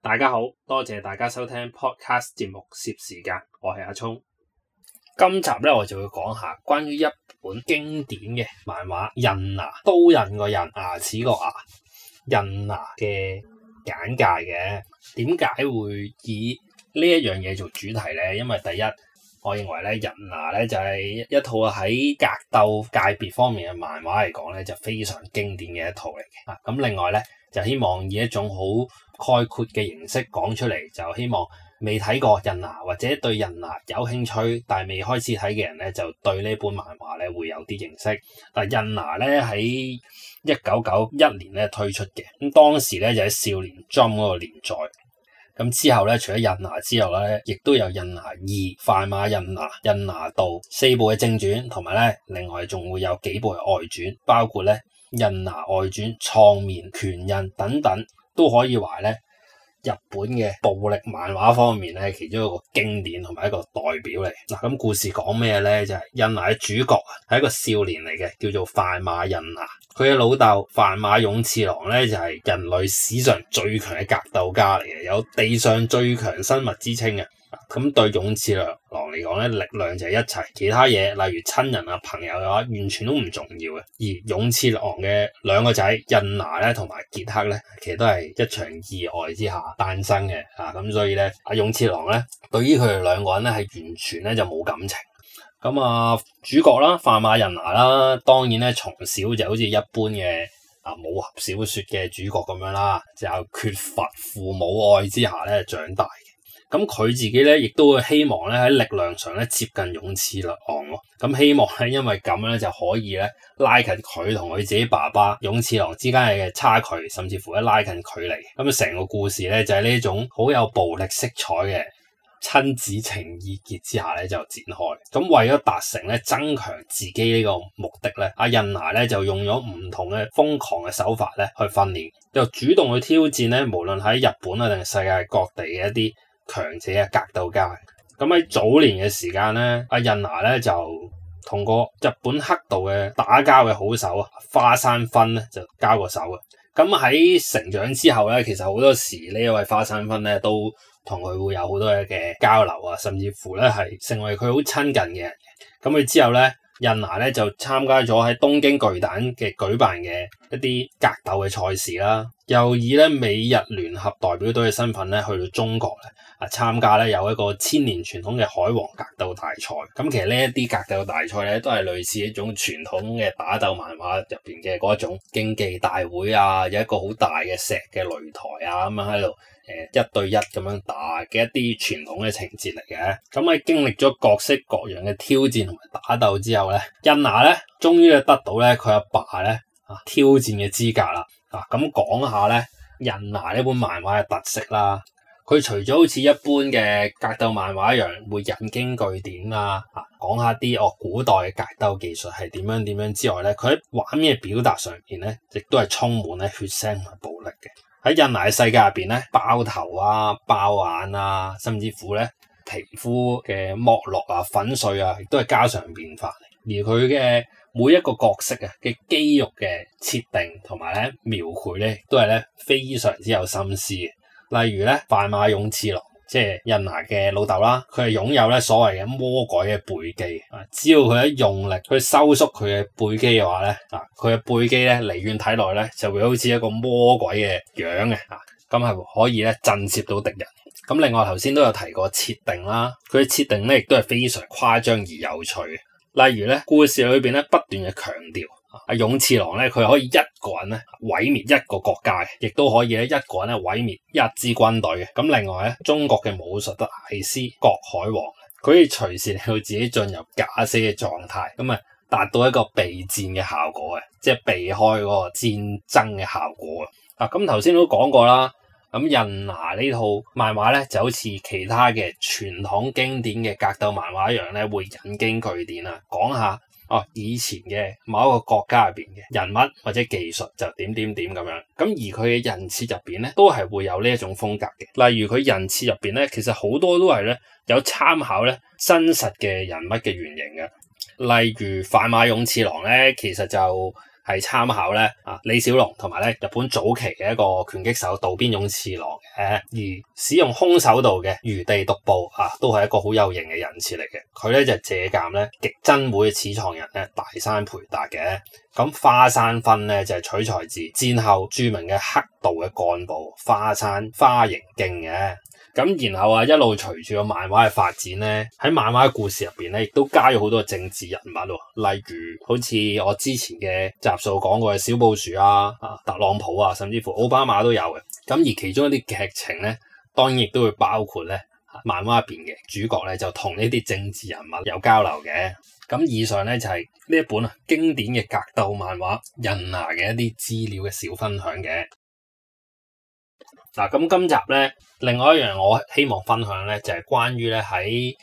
大家好，多謝大家收聽 Podcast 節目攝時間，我係阿聰。今集咧，我就會講下關於一本經典嘅漫畫《刃牙》，刀刃個「刃」，牙齒個「牙」，刃牙嘅、啊、簡介嘅。點解會以呢一樣嘢做主題咧？因為第一。我認為咧，《刃牙》咧就係、是、一套喺格鬥界別方面嘅漫畫嚟講咧，就非常經典嘅一套嚟嘅。咁、啊、另外咧，就希望以一種好概括嘅形式講出嚟，就希望未睇過《刃牙》，或者對《刃牙》有興趣但係未開始睇嘅人咧，就對呢本漫畫咧會有啲認識。但、啊《刃牙》咧喺一九九一年咧推出嘅，咁當時咧就喺《少年 Jump》嗰個年代。咁之後咧，除咗刃牙之後咧，亦都有刃牙二、快馬刃牙、刃牙道四部嘅正傳，同埋咧，另外仲會有幾部外傳，包括咧刃牙外傳、創面拳印等等，都可以話咧，日本嘅暴力漫畫方面咧，其中一個經典同埋一個代表嚟。嗱，咁故事講咩咧？就係、是、刃牙嘅主角係一個少年嚟嘅，叫做範馬刃牙。佢嘅老豆範馬勇次郎咧，就係、是、人類史上最強嘅格鬥家嚟嘅，有地上最強生物之稱嘅。咁對勇次郎嚟講咧，力量就係一切，其他嘢例如親人啊、朋友嘅話，完全都唔重要嘅。而勇次郎嘅兩個仔刃牙咧同埋傑克咧，其實都係一場意外之下誕生嘅。啊，咁所以咧，阿勇次郎咧，對於佢哋兩個人咧，係完全咧就冇感情。咁啊，主角啦，範馬刃牙啦，當然咧，從小就好似一般嘅啊武俠小說嘅主角咁樣啦，就缺乏父母愛之下咧長大。咁佢自己咧，亦都會希望咧喺力量上咧接近勇次郎咯。咁、嗯、希望咧，因為咁樣咧就可以咧拉近佢同佢自己爸爸勇次郎之間嘅差距，甚至乎咧拉近距離。咁、嗯、成個故事咧就係呢一種好有暴力色彩嘅親子情意結之下咧就展開。咁、嗯、為咗達成咧增強自己呢個目的咧，阿、啊、刃牙咧就用咗唔同嘅瘋狂嘅手法咧去訓練，就主動去挑戰咧，無論喺日本啊定係世界各地嘅一啲強者啊，格鬥家。咁喺早年嘅時間咧，阿刃牙咧就同個日本黑道嘅打交嘅好手啊，花山芬咧就交過手嘅。咁喺成長之後咧，其實好多時呢位花山芬咧都同佢會有好多嘢嘅交流啊，甚至乎咧係成為佢好親近嘅。咁佢之後咧，刃牙咧就參加咗喺東京巨蛋嘅舉辦嘅一啲格鬥嘅賽事啦。又以咧美日聯合代表隊嘅身份咧去到中國咧啊，參加咧有一個千年傳統嘅海王格鬥大賽。咁其實呢一啲格鬥大賽咧都係類似一種傳統嘅打鬥漫畫入邊嘅嗰一種競技大會啊，有一個好大嘅石嘅擂台啊，咁樣喺度誒一對一咁樣打嘅一啲傳統嘅情節嚟嘅。咁喺經歷咗各式各樣嘅挑戰同埋打鬥之後咧，刃牙咧終於得到咧佢阿爸咧。啊！挑戰嘅資格啦，嗱咁講下咧，刃牙呢本漫畫嘅特色啦。佢除咗好似一般嘅格鬥漫畫一樣，會引經據典啊，講下啲哦古代嘅格鬥技術係點樣點樣之外咧，佢喺畫面嘅表達上邊咧，亦都係充滿咧血腥同埋暴力嘅。喺刃牙嘅世界入邊咧，爆頭啊、爆眼啊，甚至乎咧皮膚嘅剝落啊、粉碎啊，亦都係家常便飯。而佢嘅每一個角色嘅嘅肌肉嘅設定同埋咧描繪咧都係咧非常之有心思嘅。例如咧，範馬勇次郎即係刃牙嘅老豆啦，佢係擁有咧所謂嘅魔鬼嘅背肌啊。只要佢一用力，去收縮佢嘅背肌嘅話咧啊，佢嘅背肌咧離遠睇落咧就會好似一個魔鬼嘅樣嘅啊。咁係可以咧震懾到敵人。咁另外頭先都有提過設定啦，佢嘅設定咧亦都係非常誇張而有趣。例如咧，故事裏邊咧不斷嘅強調，阿勇次郎咧佢可以一個人咧毀滅一個國家，亦都可以咧一個人咧毀滅一支軍隊嘅。咁另外咧，中國嘅武術大師郭海王，佢可以隨時去自己進入假死嘅狀態，咁啊達到一個避戰嘅效果嘅，即係避開嗰個戰爭嘅效果啊。咁頭先都講過啦。咁刃牙呢套漫畫咧，就好似其他嘅傳統經典嘅格鬥漫畫一樣咧，會引經據典啊，講下哦以前嘅某一個國家入邊嘅人物或者技術就點點點咁樣。咁而佢嘅人設入邊咧，都係會有呢一種風格嘅。例如佢人設入邊咧，其實好多都係咧有參考咧真實嘅人物嘅原型嘅。例如範馬勇次郎咧，其實就。係參考咧啊，李小龍同埋咧日本早期嘅一個拳擊手渡邊勇次郎嘅，而使用空手道嘅愚地獨步啊，都係一個好有型嘅人設嚟嘅。佢咧就是、借鑑咧極真會嘅始創人咧大山倍達嘅。咁、啊、花山薰咧就係、是、取材自戰後著名嘅黑道嘅幹部花山花形敬嘅。咁然後啊，一路隨住個漫畫嘅發展咧，喺漫畫故事入邊咧，亦都加咗好多政治人物喎，例如好似我之前嘅集數講過嘅小布什啊、啊特朗普啊，甚至乎奧巴馬都有嘅。咁而其中一啲劇情咧，當然亦都會包括咧漫畫入邊嘅主角咧，就同呢啲政治人物有交流嘅。咁以上咧就係呢一本啊經典嘅格鬥漫畫《刃牙》嘅一啲資料嘅小分享嘅。嗱，咁今集咧，另外一樣，我希望分享咧，就係、是、關於咧喺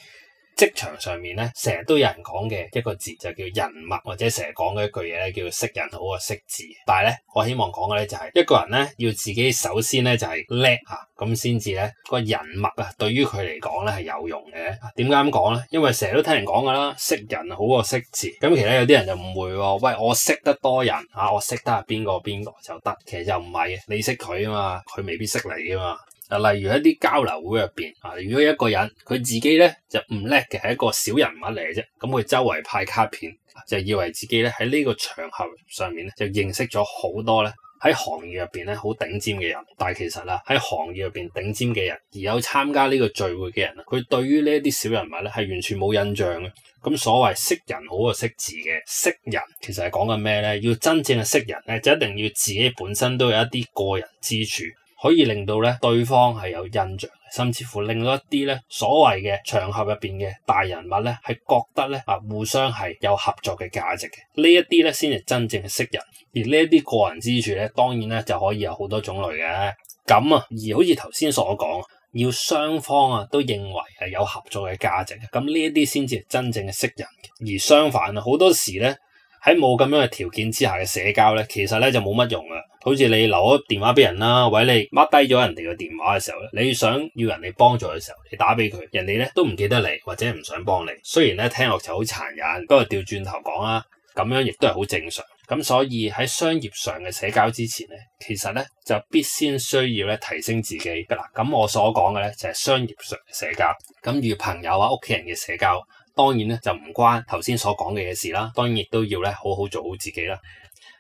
職場上面咧，成日都有人講嘅一個字就叫人脈，或者成日講嘅一句嘢咧叫識人好過識字。但係咧，我希望講嘅咧就係一個人咧要自己首先咧就係叻啊，咁先至咧個人脈啊對於佢嚟講咧係有用嘅。點解咁講咧？因為成日都聽人講噶啦，識人好過識字。咁、就是就是啊啊、其實有啲人就唔會喎，喂我識得多人嚇、啊，我識得邊個邊個就得，其實就唔係你識佢啊嘛，佢未必識你啊嘛。嗱，例如一啲交流會入邊，啊，如果一個人佢自己咧就唔叻嘅，係一個小人物嚟嘅啫。咁佢周圍派卡片，就以為自己咧喺呢個場合上面咧就認識咗好多咧喺行業入邊咧好頂尖嘅人。但係其實啊喺行業入邊頂尖嘅人，而有參加呢個聚會嘅人，佢對於呢一啲小人物咧係完全冇印象嘅。咁所謂識人好過識字嘅，識人其實係講緊咩咧？要真正嘅識人咧，就一定要自己本身都有一啲過人之處。可以令到咧對方係有印象，甚至乎令到一啲咧所謂嘅場合入邊嘅大人物咧係覺得咧啊互相係有合作嘅價值嘅，呢一啲咧先係真正識人，而呢一啲個人之處咧當然咧就可以有好多種類嘅咁啊。而好似頭先所講，要雙方啊都認為係有合作嘅價值嘅，咁呢一啲先至係真正嘅識人。而相反啊，好多時咧。喺冇咁樣嘅條件之下嘅社交咧，其實咧就冇乜用啊！好似你留咗電話俾人啦，或者你 mark 低咗人哋嘅電話嘅時候咧，你想要人哋幫助嘅時候，你打俾佢，人哋咧都唔記得你或者唔想幫你。雖然咧聽落就好殘忍，不過調轉頭講啦，咁樣亦都係好正常。咁所以喺商業上嘅社交之前咧，其實咧就必先需要咧提升自己。嗱，咁我所講嘅咧就係商業上嘅社交。咁與朋友啊、屋企人嘅社交。當然咧就唔關頭先所講嘅嘢事啦，當然亦都要咧好好做好自己啦。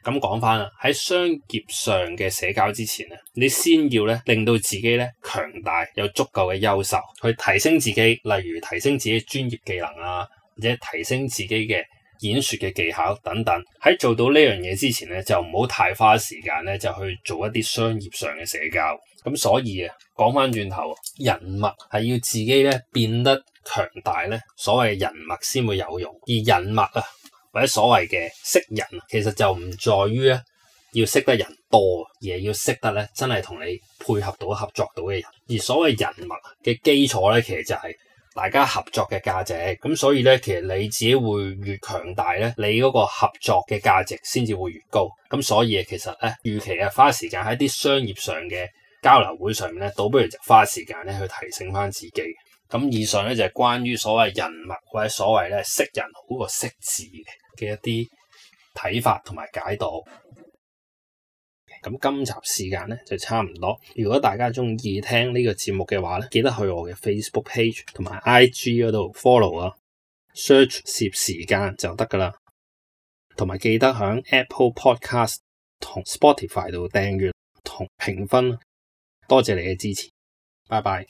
咁講翻啦，喺商劫上嘅社交之前咧，你先要咧令到自己咧強大夠，有足夠嘅優秀去提升自己，例如提升自己專業技能啊，或者提升自己嘅。演說嘅技巧等等，喺做到呢樣嘢之前咧，就唔好太花時間咧，就去做一啲商業上嘅社交。咁所以啊，講返轉頭，人脈係要自己咧變得強大咧，所謂人脈先會有用。而人脈啊，或者所謂嘅識人，其實就唔在於咧要識得人多，而係要識得咧真係同你配合到合作到嘅人。而所謂人脈嘅基礎咧，其實就係、是。大家合作嘅價值，咁所以咧，其實你自己會越強大咧，你嗰個合作嘅價值先至會越高。咁所以其實咧，預期啊，花時間喺啲商業上嘅交流會上面咧，倒不如就花時間咧去提升翻自己。咁以上咧就係關於所謂人脈或者所謂咧識人好過識字嘅一啲睇法同埋解讀。咁今集時間呢就差唔多，如果大家鍾意聽呢個節目嘅話咧，記得去我嘅 Facebook page 同埋 IG 嗰度 follow 啊，search 攝時間就得㗎啦，同埋記得喺 Apple Podcast 同 Spotify 度訂閱同評分，多謝你嘅支持，拜拜。